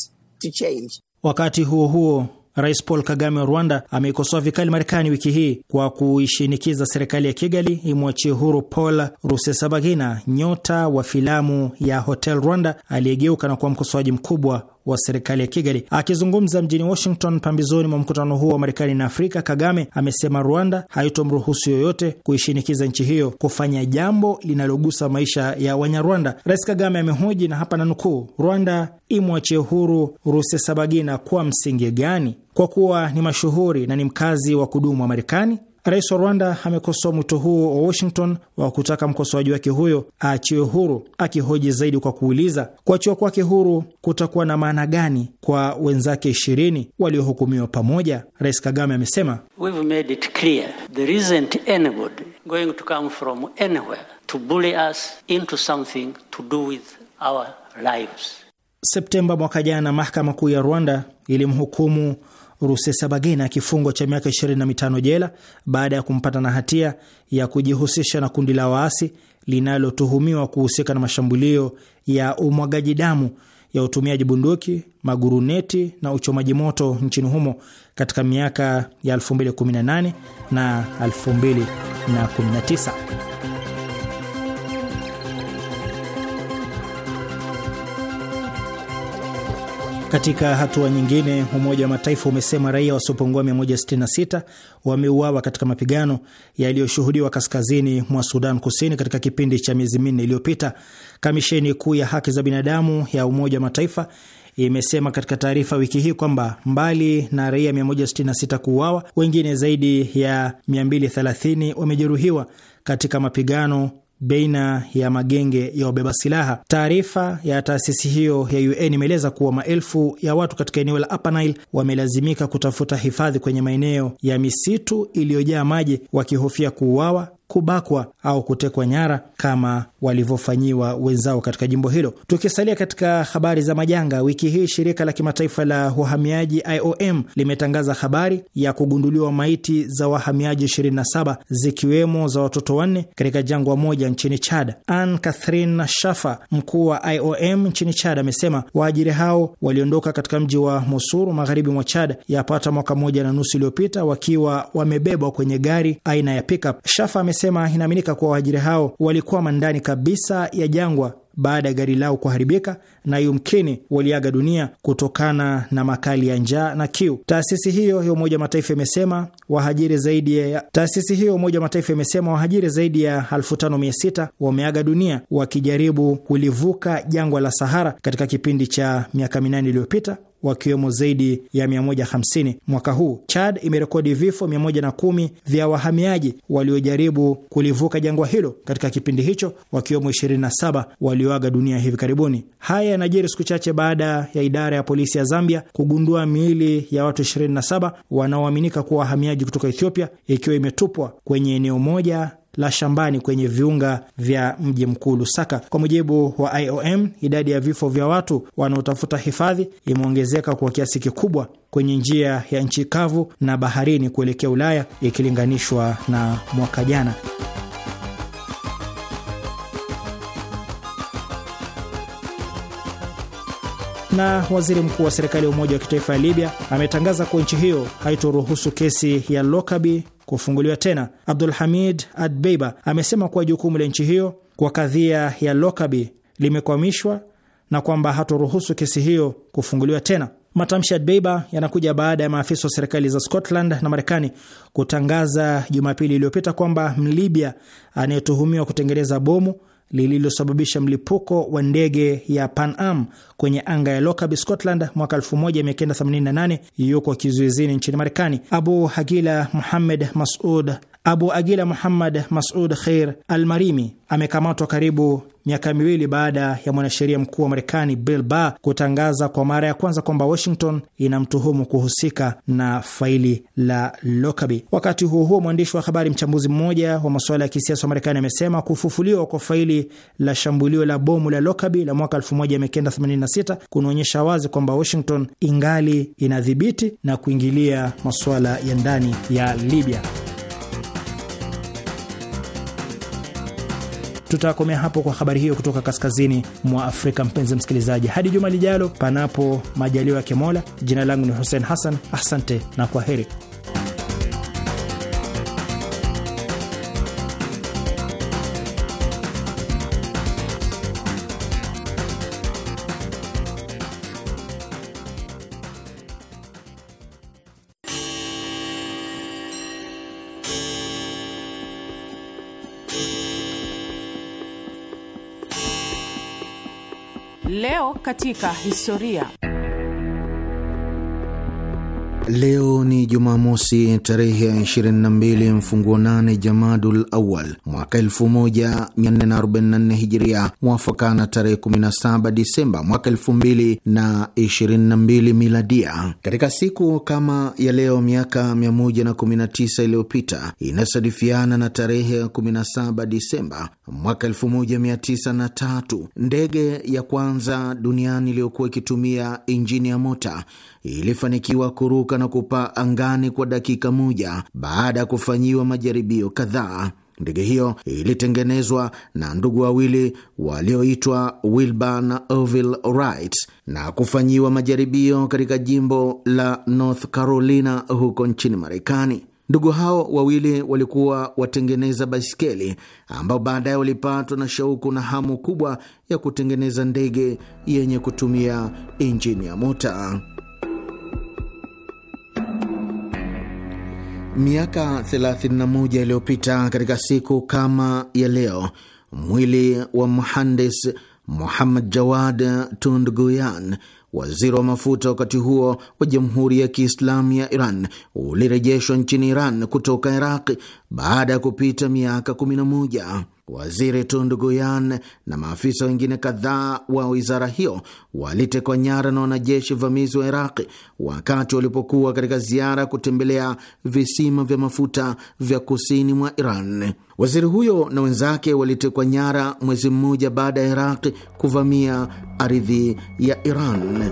S3: to change.
S5: Wakati huo huo Rais Paul Kagame wa Rwanda ameikosoa vikali Marekani wiki hii kwa kuishinikiza serikali ya Kigali imwachie huru Paul Rusesabagina, nyota wa filamu ya Hotel Rwanda aliyegeuka na kuwa mkosoaji mkubwa wa serikali ya Kigali. Akizungumza mjini Washington pambizoni mwa mkutano huo wa Marekani na Afrika, Kagame amesema Rwanda haitomruhusu yoyote kuishinikiza nchi hiyo kufanya jambo linalogusa maisha ya Wanyarwanda. Rais Kagame amehoji na hapa na nukuu, Rwanda imwachie huru Rusesabagina kwa msingi gani? Kwa kuwa ni mashuhuri na ni mkazi wa kudumu wa Marekani Rais wa Rwanda amekosoa mwito huo wa Washington wa kutaka mkosoaji wake huyo aachiwe huru, akihoji zaidi kwa kuuliza kuachiwa kwake huru kutakuwa na maana gani kwa wenzake ishirini waliohukumiwa pamoja. Rais Kagame amesema Septemba mwaka jana, mahakama kuu ya Rwanda ilimhukumu Rusesabagina kifungo cha miaka 25 jela baada ya kumpata na hatia ya kujihusisha na kundi la waasi linalotuhumiwa kuhusika na mashambulio ya umwagaji damu ya utumiaji bunduki, maguruneti na uchomaji moto nchini humo katika miaka ya 2018 na 2019. Katika hatua nyingine, Umoja wa Mataifa umesema raia wasiopungua 166 wameuawa katika mapigano yaliyoshuhudiwa kaskazini mwa Sudan Kusini katika kipindi cha miezi minne iliyopita. Kamisheni kuu ya haki za binadamu ya Umoja wa Mataifa imesema katika taarifa wiki hii kwamba mbali na raia 166 kuuawa, wengine zaidi ya 230 wamejeruhiwa katika mapigano baina ya magenge ya wabeba silaha. Taarifa ya taasisi hiyo ya UN imeeleza kuwa maelfu ya watu katika eneo la Upper Nile wamelazimika kutafuta hifadhi kwenye maeneo ya misitu iliyojaa maji wakihofia kuuawa kubakwa au kutekwa nyara kama walivyofanyiwa wenzao katika jimbo hilo. Tukisalia katika habari za majanga, wiki hii shirika la kimataifa la uhamiaji IOM limetangaza habari ya kugunduliwa maiti za wahamiaji 27 zikiwemo za watoto wanne katika jangwa moja nchini Chad. Ann Catherine Shafa, mkuu wa IOM nchini Chad, amesema waajiri hao waliondoka katika mji wa Mosuru magharibi mwa Chad yapata mwaka moja na nusu iliyopita wakiwa wamebebwa kwenye gari aina ya pickup. Shafa amesema inaaminika kuwa waajiri hao walikuwa mandani kabisa ya jangwa baada ya gari lao kuharibika na yumkini waliaga dunia kutokana na makali ya njaa na kiu. Taasisi hiyo ya Umoja wa Mataifa imesema wahajiri zaidi ya taasisi hiyo ya Umoja wa Mataifa imesema wahajiri zaidi ya 5600 wameaga dunia wakijaribu kulivuka jangwa la Sahara katika kipindi cha miaka minane iliyopita wakiwemo zaidi ya 150 mwaka huu. Chad imerekodi vifo 110 vya wahamiaji waliojaribu kulivuka jangwa hilo katika kipindi hicho, wakiwemo 27 walioaga dunia hivi karibuni. Haya yanajiri siku chache baada ya idara ya polisi ya Zambia kugundua miili ya watu 27 wanaoaminika kuwa wahamiaji kutoka Ethiopia ikiwa imetupwa kwenye eneo moja la shambani kwenye viunga vya mji mkuu Lusaka. Kwa mujibu wa IOM, idadi ya vifo vya watu wanaotafuta hifadhi imeongezeka kwa kiasi kikubwa kwenye njia ya nchi kavu na baharini kuelekea Ulaya ikilinganishwa na mwaka jana. Na waziri mkuu wa serikali ya umoja wa kitaifa ya Libya ametangaza kuwa nchi hiyo haitoruhusu kesi ya Lokabi kufunguliwa tena. Abdul Hamid Adbeiba amesema kuwa jukumu la nchi hiyo kwa kadhia ya Lokabi limekwamishwa na kwamba hatoruhusu kesi hiyo kufunguliwa tena. Matamshi ya Dbeiba yanakuja baada ya maafisa wa serikali za Scotland na Marekani kutangaza Jumapili iliyopita kwamba Mlibya anayetuhumiwa kutengeneza bomu lililosababisha mlipuko wa ndege ya Pan Am kwenye anga ya Lokabi, Scotland mwaka 1988, yuko kizuizini nchini Marekani. Abu Hagila Muhammed Masud Abu Agila Muhammad Masud Khair Almarimi amekamatwa karibu miaka miwili baada ya mwanasheria mkuu wa Marekani Bill Barr kutangaza kwa mara ya kwanza kwamba Washington inamtuhumu kuhusika na faili la lokaby Wakati huo huo, mwandishi wa habari mchambuzi mmoja wa masuala ya kisiasa wa Marekani amesema kufufuliwa kwa faili la shambulio la bomu la lokaby la mwaka 1986 kunaonyesha wazi kwamba Washington ingali inadhibiti na kuingilia masuala ya ndani ya Libya. Tutakomea hapo kwa habari hiyo kutoka kaskazini mwa Afrika. Mpenzi msikilizaji, hadi juma lijalo, panapo majaliwa ya kemola Jina langu ni Hussein Hassan, asante na kwa heri.
S6: katika historia.
S4: Leo ni Jumamosi tarehe ya 22 mfunguo 8 Jamadul Awal mwaka 1444 Hijiria, mwafaka na tarehe 17 Disemba mwaka 2022 Miladia. Katika siku kama ya leo miaka 119 iliyopita, inasadifiana na tarehe 17 Disemba mwaka 1903, ndege ya kwanza duniani iliyokuwa ikitumia injini ya mota ilifanikiwa kuruka na kupaa angani kwa dakika moja baada ya kufanyiwa majaribio kadhaa. Ndege hiyo ilitengenezwa na ndugu wawili walioitwa Wilbur na Orville Wright na kufanyiwa majaribio katika jimbo la North Carolina huko nchini Marekani. Ndugu hao wawili walikuwa watengeneza baiskeli ambao baadaye walipatwa na shauku na hamu kubwa ya kutengeneza ndege yenye kutumia injini ya mota. Miaka 31 iliyopita katika siku kama ya leo, mwili wa mhandis Muhammad Jawad Tundguyan, waziri wa mafuta wakati huo wa Jamhuri ya Kiislamu ya Iran, ulirejeshwa nchini Iran kutoka Iraq baada ya kupita miaka 11. Waziri guyan na maafisa wengine kadhaa wa wizara hiyo walitekwa nyara na wanajeshi vamizi wa Iraqi wakati walipokuwa katika ziara kutembelea visima vya mafuta vya kusini mwa Iran. Waziri huyo na wenzake walitekwa nyara mwezi mmoja baada ya Iraqi kuvamia ardhi ya Iran.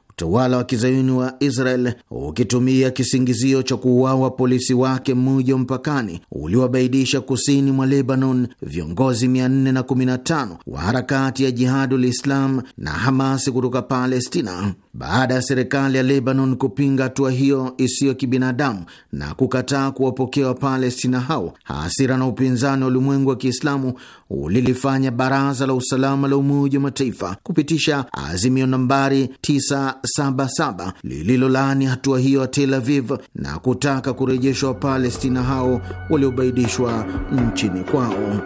S4: utawala wa kizayuni wa Israel ukitumia kisingizio cha kuuawa polisi wake mmoja mpakani uliwabaidisha kusini mwa Lebanon viongozi 415 wa harakati ya Jihadul Islam na Hamasi kutoka Palestina baada ya serikali ya Lebanon kupinga hatua hiyo isiyo kibinadamu na kukataa kuwapokea Wapalestina hao. Hasira na upinzani wa ulimwengu wa Kiislamu lilifanya Baraza la Usalama la Umoja wa Mataifa kupitisha azimio nambari 977 lililolaani hatua hiyo ya Tel Aviv na kutaka kurejeshwa Wapalestina hao waliobaidishwa nchini kwao.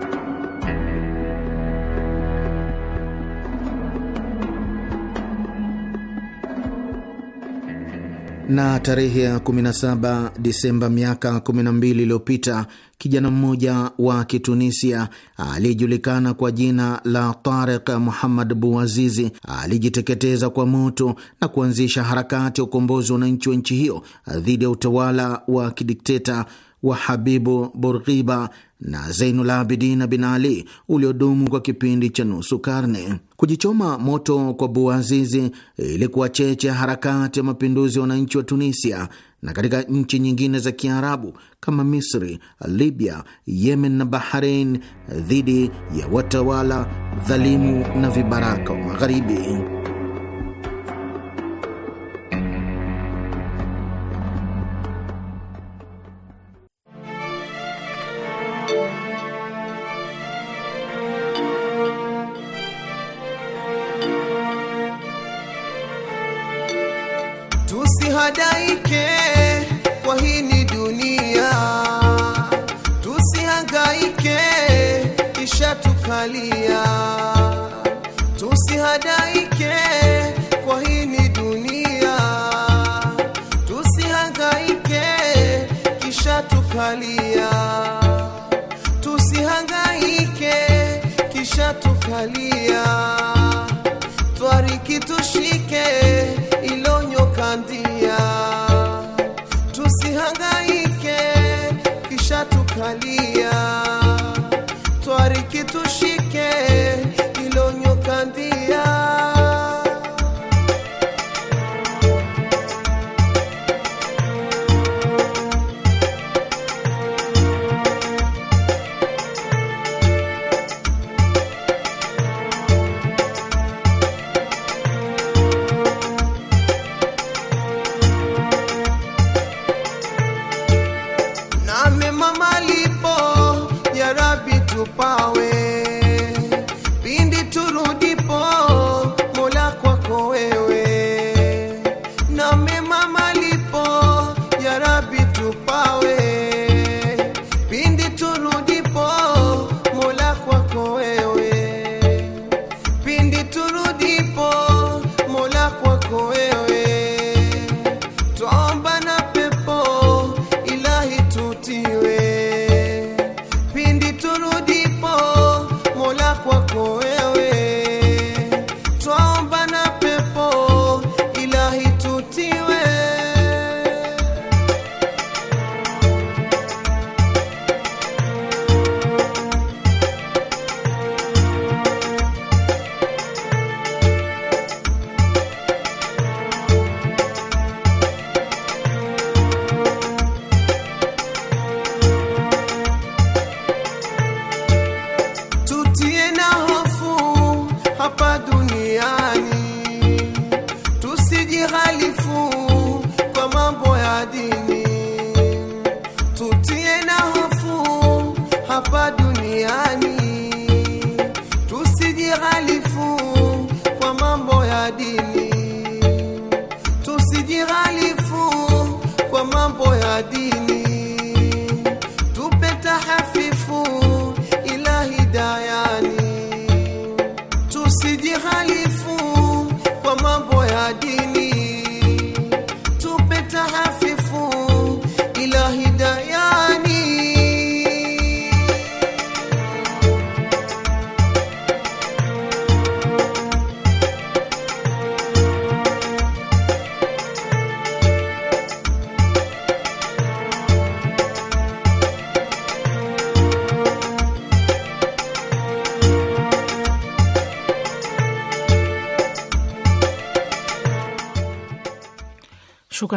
S4: Na tarehe ya 17 Disemba miaka 12 iliyopita, kijana mmoja wa Kitunisia aliyejulikana kwa jina la tarik Muhammad buazizi alijiteketeza kwa moto na kuanzisha harakati ya ukombozi wa wananchi wa nchi hiyo dhidi ya utawala wa kidikteta wa Habibu Burghiba na Zainul Abidin bin Ali uliodumu kwa kipindi cha nusu karne. Kujichoma moto kwa Buazizi ilikuwa cheche harakati ya mapinduzi ya wananchi wa Tunisia na katika nchi nyingine za Kiarabu kama Misri, Libya, Yemen na Bahrain dhidi ya watawala dhalimu na vibaraka wa Magharibi.
S7: kuangalia, tusihadaike kwa hii ni dunia, tusihangaike kisha tukalia, tusihangaike kisha tukalia, twariki tushike ilonyo kandi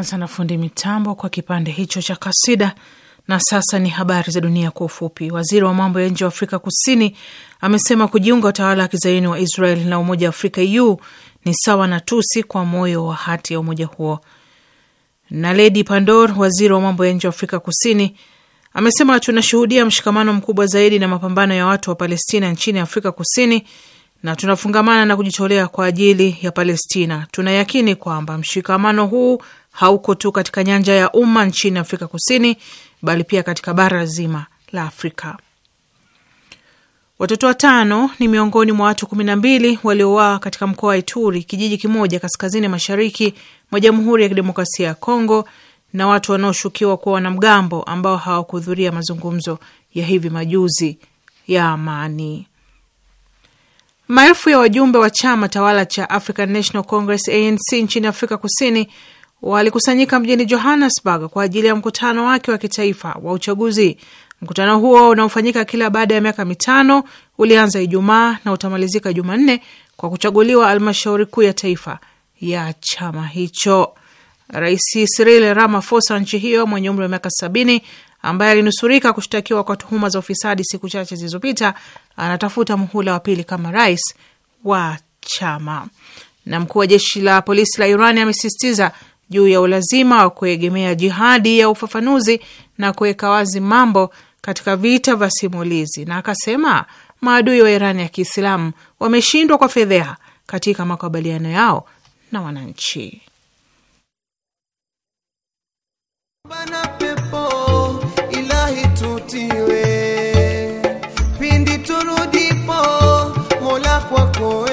S6: sana fundi mitambo kwa kipande hicho cha kasida. Na sasa ni habari za dunia kwa ufupi. Waziri wa mambo ya nje wa Afrika Kusini amesema kujiunga utawala wa kizaini wa Israel na Umoja wa Afrika EU ni sawa na tusi kwa moyo wa hati ya umoja huo. Na Ledi Pandor, waziri wa mambo ya nje wa Afrika Kusini, amesema tunashuhudia mshikamano mkubwa zaidi na mapambano ya watu wa Palestina nchini Afrika Kusini, na tunafungamana na kujitolea kwa ajili ya Palestina. Tunayakini kwamba mshikamano huu hauko tu katika nyanja ya umma nchini Afrika Kusini, bali pia katika bara zima la Afrika. Watoto watano ni miongoni mwa watu kumi na mbili waliouawa katika mkoa wa Ituri, kijiji kimoja kaskazini mashariki mwa Jamhuri ya Kidemokrasia ya Kongo, na watu wanaoshukiwa kuwa wanamgambo ambao hawakuhudhuria mazungumzo ya hivi majuzi ya amani. Maelfu ya wajumbe wa chama tawala cha African National Congress ANC nchini Afrika Kusini walikusanyika mjini Johannesburg kwa ajili ya mkutano wake wa kitaifa wa uchaguzi. Mkutano huo unaofanyika kila baada ya miaka mitano ulianza Ijumaa na utamalizika Jumanne kwa kuchaguliwa almashauri kuu ya taifa ya chama hicho. Rais Cyril Ramaphosa wa nchi hiyo mwenye umri wa miaka sabini ambaye alinusurika kushtakiwa kwa tuhuma za ufisadi siku chache zilizopita anatafuta muhula wa pili kama rais wa chama. Na mkuu wa jeshi la polisi la Iran amesisitiza juu ya ulazima wa kuegemea jihadi ya ufafanuzi na kuweka wazi mambo katika vita vya simulizi, na akasema maadui wa Irani ya Kiislamu wameshindwa kwa fedheha katika makubaliano yao na wananchi.
S7: Pepo, ilahi tutiwe, pindi turudipo, Mola kwako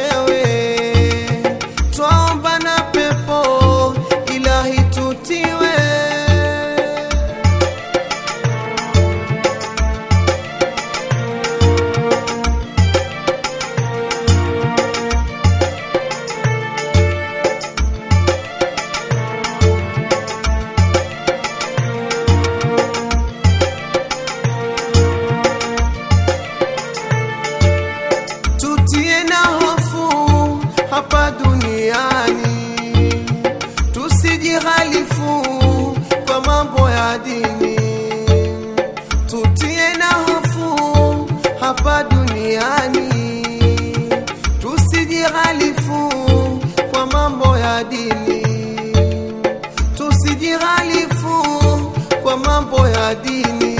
S7: Madini